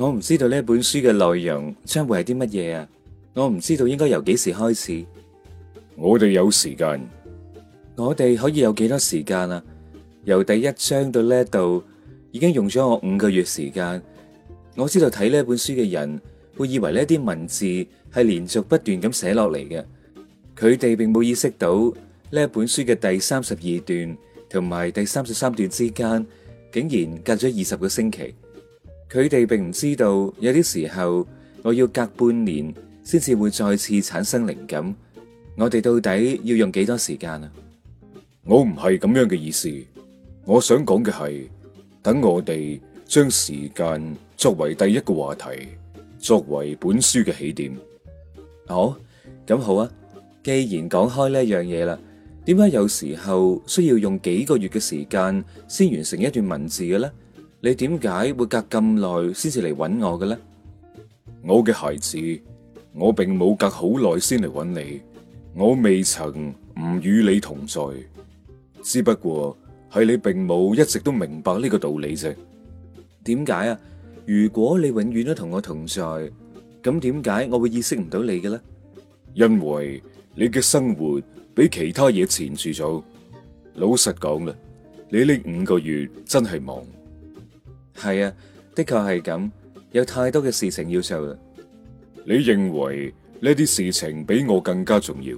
我唔知道呢本書嘅內容將會係啲乜嘢啊！我唔知道應該由幾時開始。我哋有時間，我哋可以有幾多時間啊？由第一章到呢度已經用咗我五個月時間。我知道睇呢本書嘅人會以為呢啲文字係連續不斷咁寫落嚟嘅，佢哋並冇意識到呢一本書嘅第三十二段同埋第三十三段之間竟然隔咗二十個星期。佢哋並唔知道，有啲時候我要隔半年先至會再次產生靈感。我哋到底要用幾多時間啊？我唔係咁樣嘅意思，我想講嘅係，等我哋將時間作為第一個話題，作為本書嘅起點。哦，咁好啊。既然講開呢一樣嘢啦，點解有時候需要用幾個月嘅時間先完成一段文字嘅咧？你點解會隔咁耐先至嚟搵我嘅咧？我嘅孩子，我並冇隔好耐先嚟搵你，我未曾唔與你同在，只不過係你並冇一直都明白呢個道理啫。點解啊？如果你永遠都同我同在，咁點解我會意識唔到你嘅咧？因為你嘅生活俾其他嘢纏住咗。老實講啦，你呢五個月真係忙。係啊，的確係咁，有太多嘅事情要做啦。你認為呢啲事情比我更加重要？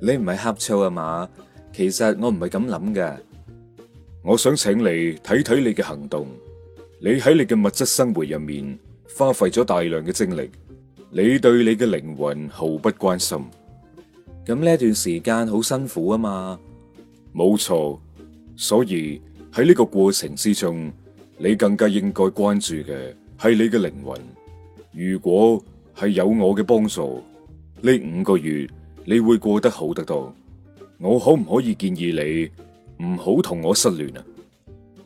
你唔係呷醋啊嘛？其實我唔係咁諗㗎。我想請你睇睇你嘅行動。你喺你嘅物質生活入面花費咗大量嘅精力，你對你嘅靈魂毫不關心。咁呢段時間好辛苦啊嘛。冇錯，所以喺呢個過程之中。你更加應該關注嘅係你嘅靈魂。如果係有我嘅幫助，呢五個月你會過得好得多。我可唔可以建議你唔好同我失聯啊？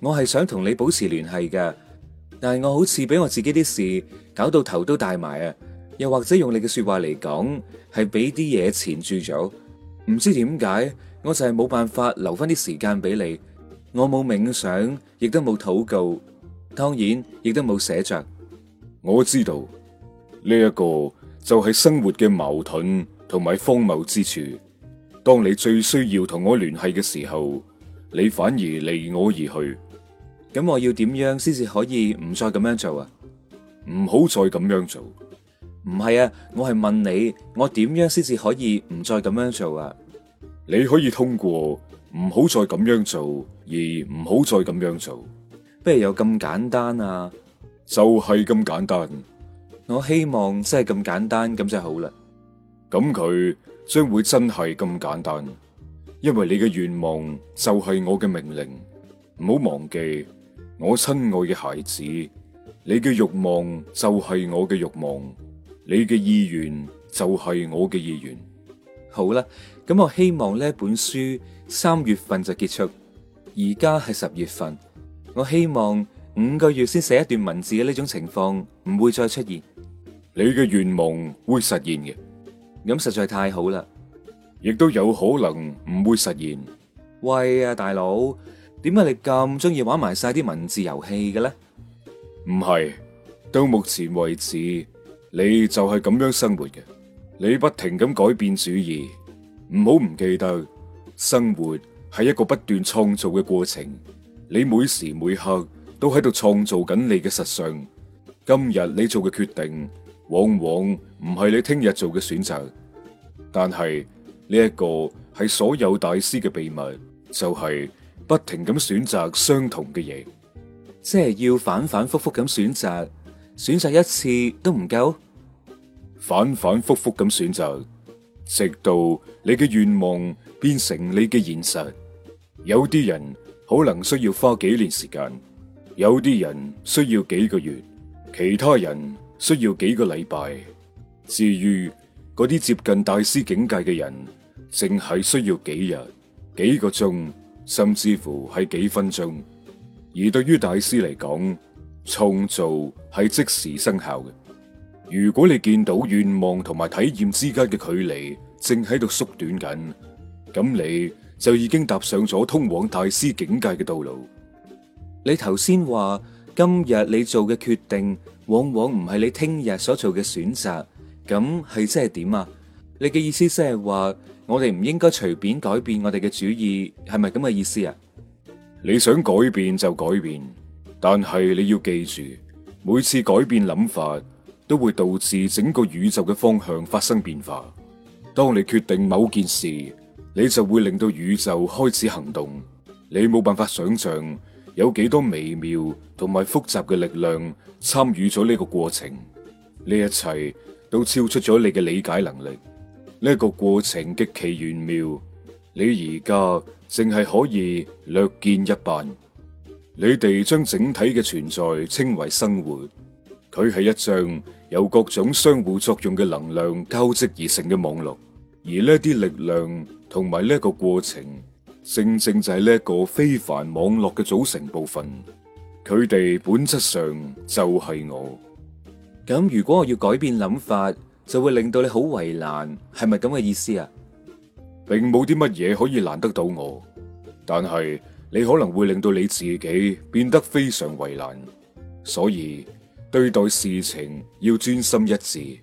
我係想同你保持聯繫嘅，但係我好似俾我自己啲事搞到頭都大埋啊。又或者用你嘅說話嚟講，係俾啲嘢纏住咗。唔知點解，我就係冇辦法留翻啲時間俾你。我冇冥想，亦都冇禱告，當然亦都冇寫着。我知道呢一個就係生活嘅矛盾同埋荒謬之處。當你最需要同我聯繫嘅時候，你反而離我而去。咁我要點樣先至可以唔再咁樣做啊？唔好再咁樣做。唔係啊，我係問你，我點樣先至可以唔再咁樣做啊？你可以通過。唔好再咁樣做，而唔好再咁樣做，不如有咁簡單啊？就係咁簡單。我希望真係咁簡單咁就好啦。咁佢將會真係咁簡單，因為你嘅願望就係我嘅命令，唔好忘記，我親愛嘅孩子，你嘅慾望就係我嘅慾望，你嘅意願就係我嘅意願。好啦，咁我希望呢本書三月份就結束，而家係十月份，我希望五個月先寫一段文字嘅呢種情況唔會再出現。你嘅願望會實現嘅，咁實在太好啦，亦都有可能唔會實現。喂啊，大佬，點解你咁中意玩埋晒啲文字遊戲嘅咧？唔係，到目前為止你就係咁樣生活嘅。你不停咁改變主意，唔好唔記得，生活係一個不斷創造嘅過程。你每時每刻都喺度創造緊你嘅實相。今日你做嘅決定，往往唔係你聽日做嘅選擇。但係呢一個係所有大師嘅秘密，就係、是、不停咁選擇相同嘅嘢，即係要反反复复咁選擇，選擇一次都唔夠。反反复复咁選擇，直到你嘅願望變成你嘅現實。有啲人可能需要花幾年時間，有啲人需要幾個月，其他人需要幾個禮拜。至於嗰啲接近大師境界嘅人，淨係需要幾日、幾個鐘，甚至乎係幾分鐘。而對於大師嚟講，創造係即時生效嘅。如果你見到願望同埋體驗之間嘅距離正喺度縮短緊，咁你就已經踏上咗通往大師境界嘅道路。你頭先話今日你做嘅決定，往往唔係你聽日所做嘅選擇，咁係即係點啊？你嘅意思即係話我哋唔應該隨便改變我哋嘅主意，係咪咁嘅意思啊？你想改變就改變，但係你要記住，每次改變諗法，都會導致整個宇宙嘅方向發生變化。當你決定某件事，你就會令到宇宙開始行動。你冇辦法想象有幾多微妙同埋複雜嘅力量參與咗呢個過程。呢一切都超出咗你嘅理解能力。呢、呢個過程極其玄妙，你而家淨係可以略見一斑。你哋將整體嘅存在稱為生活。佢係一張由各種相互作用嘅能量交織而成嘅網絡，而呢啲力量同埋呢個過程，正正就係呢個非凡網絡嘅組成部分。佢哋本質上就係我。咁如果我要改變諗法，就會令到你好為難，係咪咁嘅意思啊？並冇啲乜嘢可以難得到我，但係你可能會令到你自己變得非常為難，所以。對待事情要專心一致，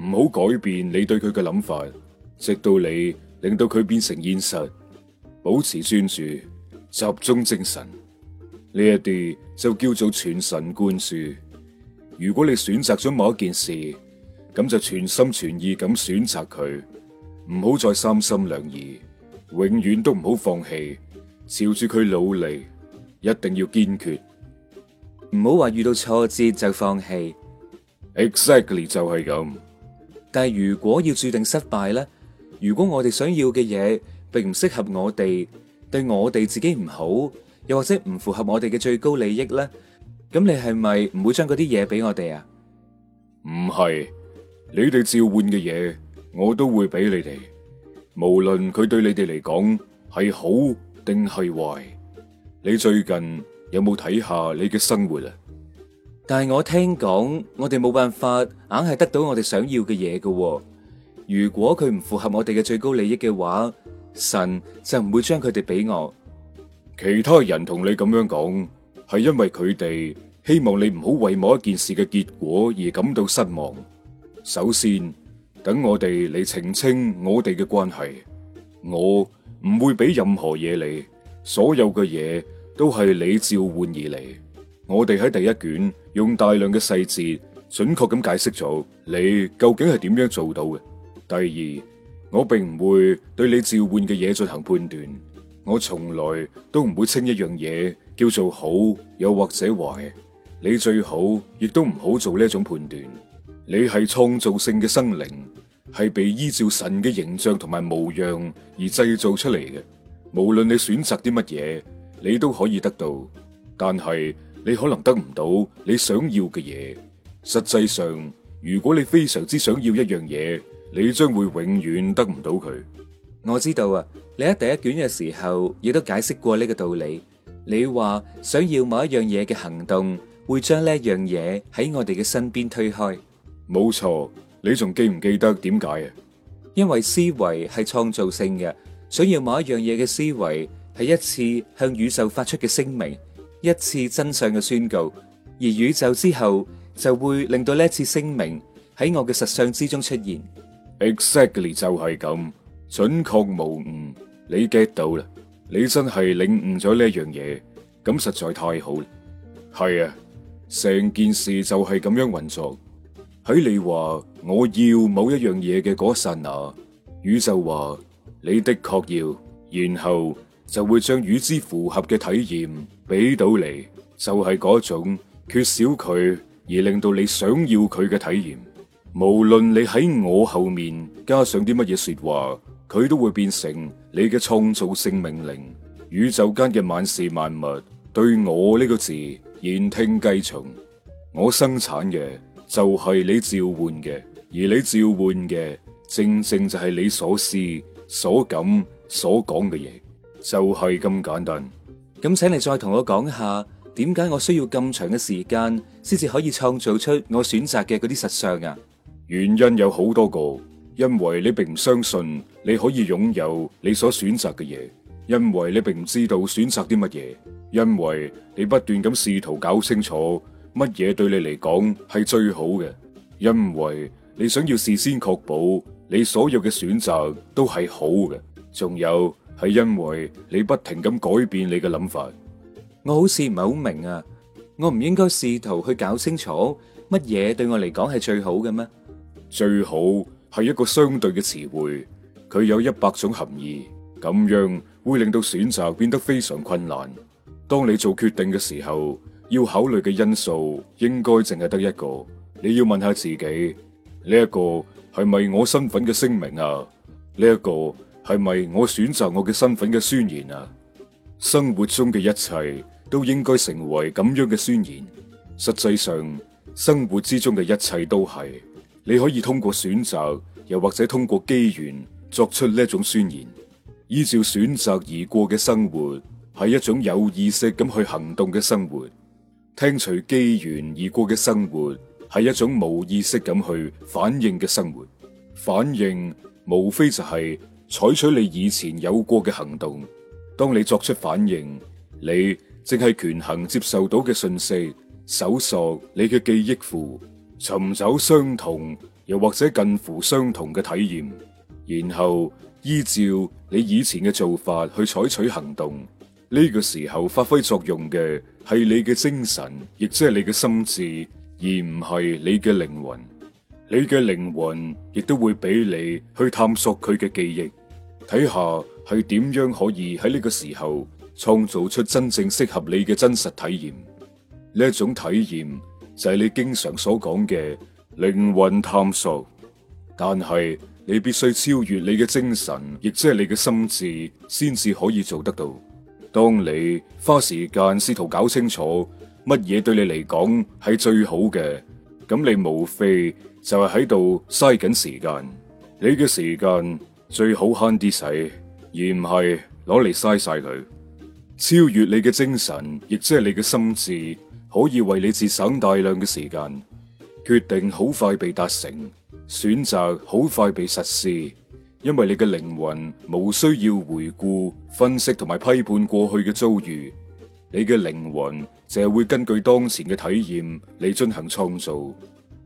唔好改變你對佢嘅諗法，直到你令到佢變成現實。保持專注、集中精神，呢一啲就叫做全神貫注。如果你選擇咗某一件事，咁就全心全意咁選擇佢，唔好再三心兩意，永遠都唔好放棄，朝住佢努力，一定要堅決。唔好話遇到挫折就放棄，Exactly 就係咁。但係如果要注定失敗咧，如果我哋想要嘅嘢並唔適合我哋，對我哋自己唔好，又或者唔符合我哋嘅最高利益咧，咁你係咪唔會將嗰啲嘢俾我哋啊？唔係，你哋召喚嘅嘢，我都會俾你哋，無論佢對你哋嚟講係好定係壞。你最近？有冇睇下你嘅生活啊？但係我聽講，我哋冇辦法，硬係得到我哋想要嘅嘢嘅。如果佢唔符合我哋嘅最高利益嘅話，神就唔會將佢哋俾我。其他人同你咁樣講，係因為佢哋希望你唔好為某一件事嘅結果而感到失望。首先，等我哋嚟澄清我哋嘅關係。我唔會俾任何嘢你，所有嘅嘢，都係你召喚而嚟。我哋喺第一卷用大量嘅細節準確咁解釋咗你究竟係點樣做到嘅。第二，我並唔會對你召喚嘅嘢進行判斷。我從來都唔會稱一樣嘢叫做好又或者壞。你最好亦都唔好做呢一種判斷。你係創造性嘅生靈，係被依照神嘅形象同埋模樣而製造出嚟嘅。無論你選擇啲乜嘢，你都可以得到，但係你可能得唔到你想要嘅嘢。實際上，如果你非常之想要一樣嘢，你將會永遠得唔到佢。我知道啊，你喺第一卷嘅時候亦都解釋過呢個道理。你話想要某一樣嘢嘅行動，會將呢樣嘢喺我哋嘅身邊推開。冇錯，你仲記唔記得點解啊？因為思維係創造性嘅，想要某一樣嘢嘅思維。係一次向宇宙發出嘅聲明，一次真相嘅宣告，而宇宙之後就會令到呢一次聲明喺我嘅實相之中出現。Exactly 就係咁，準確無誤。你 get 到啦？你真係領悟咗呢一樣嘢，咁實在太好啦！係啊，成件事就係咁樣運作。喺你話我要某一樣嘢嘅嗰剎那，宇宙話你的確要，然後。就會將與之符合嘅體驗俾到你，就係嗰種缺少佢而令到你想要佢嘅體驗。無論你喺我後面加上啲乜嘢說話，佢都會變成你嘅創造性命令。宇宙間嘅萬事萬物對我呢個字言聽計從。我生產嘅就係你召喚嘅，而你召喚嘅正正就係你所思所感所講嘅嘢。就係咁簡單。咁，請你再同我講下，點解我需要咁長嘅時間，先至可以創造出我選擇嘅嗰啲實相啊？原因有好多個，因為你並唔相信你可以擁有你所選擇嘅嘢，因為你並唔知道選擇啲乜嘢，因為你不斷咁試圖搞清楚乜嘢對你嚟講係最好嘅，因為你想要事先確保你所有嘅選擇都係好嘅，仲有。係因為你不停咁改變你嘅諗法，我好似唔係好明啊！我唔應該試圖去搞清楚乜嘢對我嚟講係最好嘅咩？最好係一個相對嘅詞彙，佢有一百種含義，咁樣會令到選擇變得非常困難。當你做決定嘅時候，要考慮嘅因素應該淨係得一個。你要問下自己，呢一個係咪我身份嘅聲明啊？呢一個。係咪我選擇我嘅身份嘅宣言啊？生活中嘅一切都應該成為咁樣嘅宣言。實際上，生活之中嘅一切都係你可以通過選擇，又或者通過機緣作出呢一種宣言。依照選擇而過嘅生活係一種有意識咁去行動嘅生活；聽隨機緣而過嘅生活係一種冇意識咁去反應嘅生活。反應無非就係、是。採取你以前有過嘅行動。當你作出反應，你正係權衡接受到嘅信息，搜索你嘅記憶庫，尋找相同又或者近乎相同嘅體驗，然後依照你以前嘅做法去採取行動。呢個時候發揮作用嘅係你嘅精神，亦即係你嘅心智，而唔係你嘅靈魂。你嘅靈魂亦都會俾你去探索佢嘅記憶。睇下係點樣可以喺呢個時候創造出真正適合你嘅真實體驗？呢一種體驗就係你經常所講嘅靈魂探索，但係你必須超越你嘅精神，亦即係你嘅心智，先至可以做得到。當你花時間試圖搞清楚乜嘢對你嚟講係最好嘅，咁你無非就係喺度嘥緊時間，你嘅時間。最好慳啲使，而唔係攞嚟嘥晒佢。超越你嘅精神，亦即係你嘅心智，可以為你節省大量嘅時間。決定好快被達成，選擇好快被實施，因為你嘅靈魂無需要回顧、分析同埋批判過去嘅遭遇。你嘅靈魂就係會根據當前嘅體驗嚟進行創造。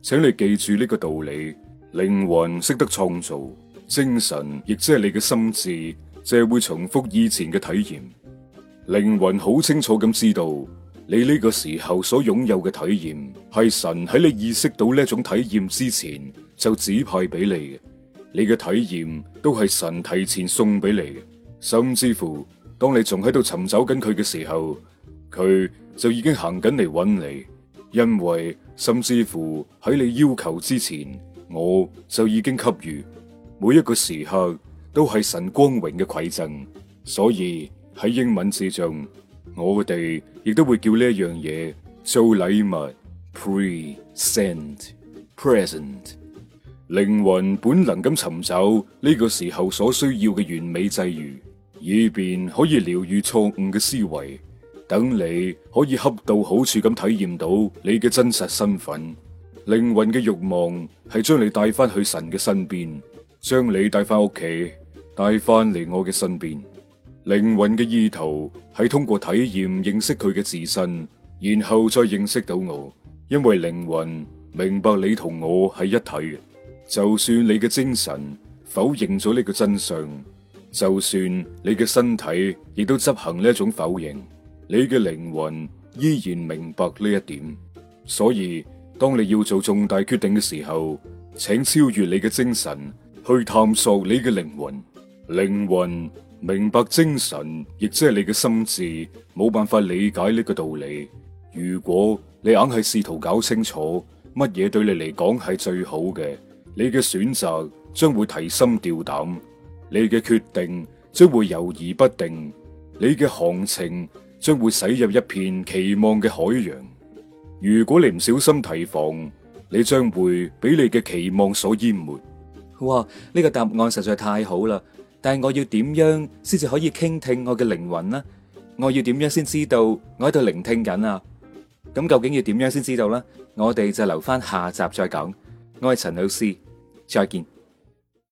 請你記住呢個道理：靈魂識得創造。精神亦即係你嘅心智，就係會重複以前嘅體驗。靈魂好清楚咁知道，你呢個時候所擁有嘅體驗係神喺你意識到呢一種體驗之前就指派俾你嘅。你嘅體驗都係神提前送俾你，甚至乎當你仲喺度尋找緊佢嘅時候，佢就已經行緊嚟搵你。因為甚至乎喺你要求之前，我就已經給予。每一個時刻都係神光榮嘅饋贈，所以喺英文之中，我哋亦都會叫呢一樣嘢做禮物 （present）。present 靈魂本能咁尋找呢個時候所需要嘅完美際遇，以便可以療癒錯誤嘅思維，等你可以恰到好處咁體驗到你嘅真實身份。靈魂嘅慾望係將你帶翻去神嘅身邊。將你帶翻屋企，帶翻嚟我嘅身邊。靈魂嘅意圖係通過體驗認識佢嘅自身，然後再認識到我。因為靈魂明白你同我係一體，就算你嘅精神否認咗呢個真相，就算你嘅身體亦都執行呢一種否認，你嘅靈魂依然明白呢一點。所以，當你要做重大決定嘅時候，請超越你嘅精神。去探索你嘅靈魂，靈魂明白精神，亦即係你嘅心智，冇辦法理解呢個道理。如果你硬係試圖搞清楚乜嘢對你嚟講係最好嘅，你嘅選擇將會提心吊膽，你嘅決定將會猶豫不定，你嘅行程將會駛入一片期望嘅海洋。如果你唔小心提防，你將會俾你嘅期望所淹沒。哇！呢個答案實在太好啦，但係我要點樣先至可以傾聽我嘅靈魂呢？我要點樣先知道我喺度聆聽緊啊？咁究竟要點樣先知道呢？我哋就留返下集再講。我係陳老師，再見。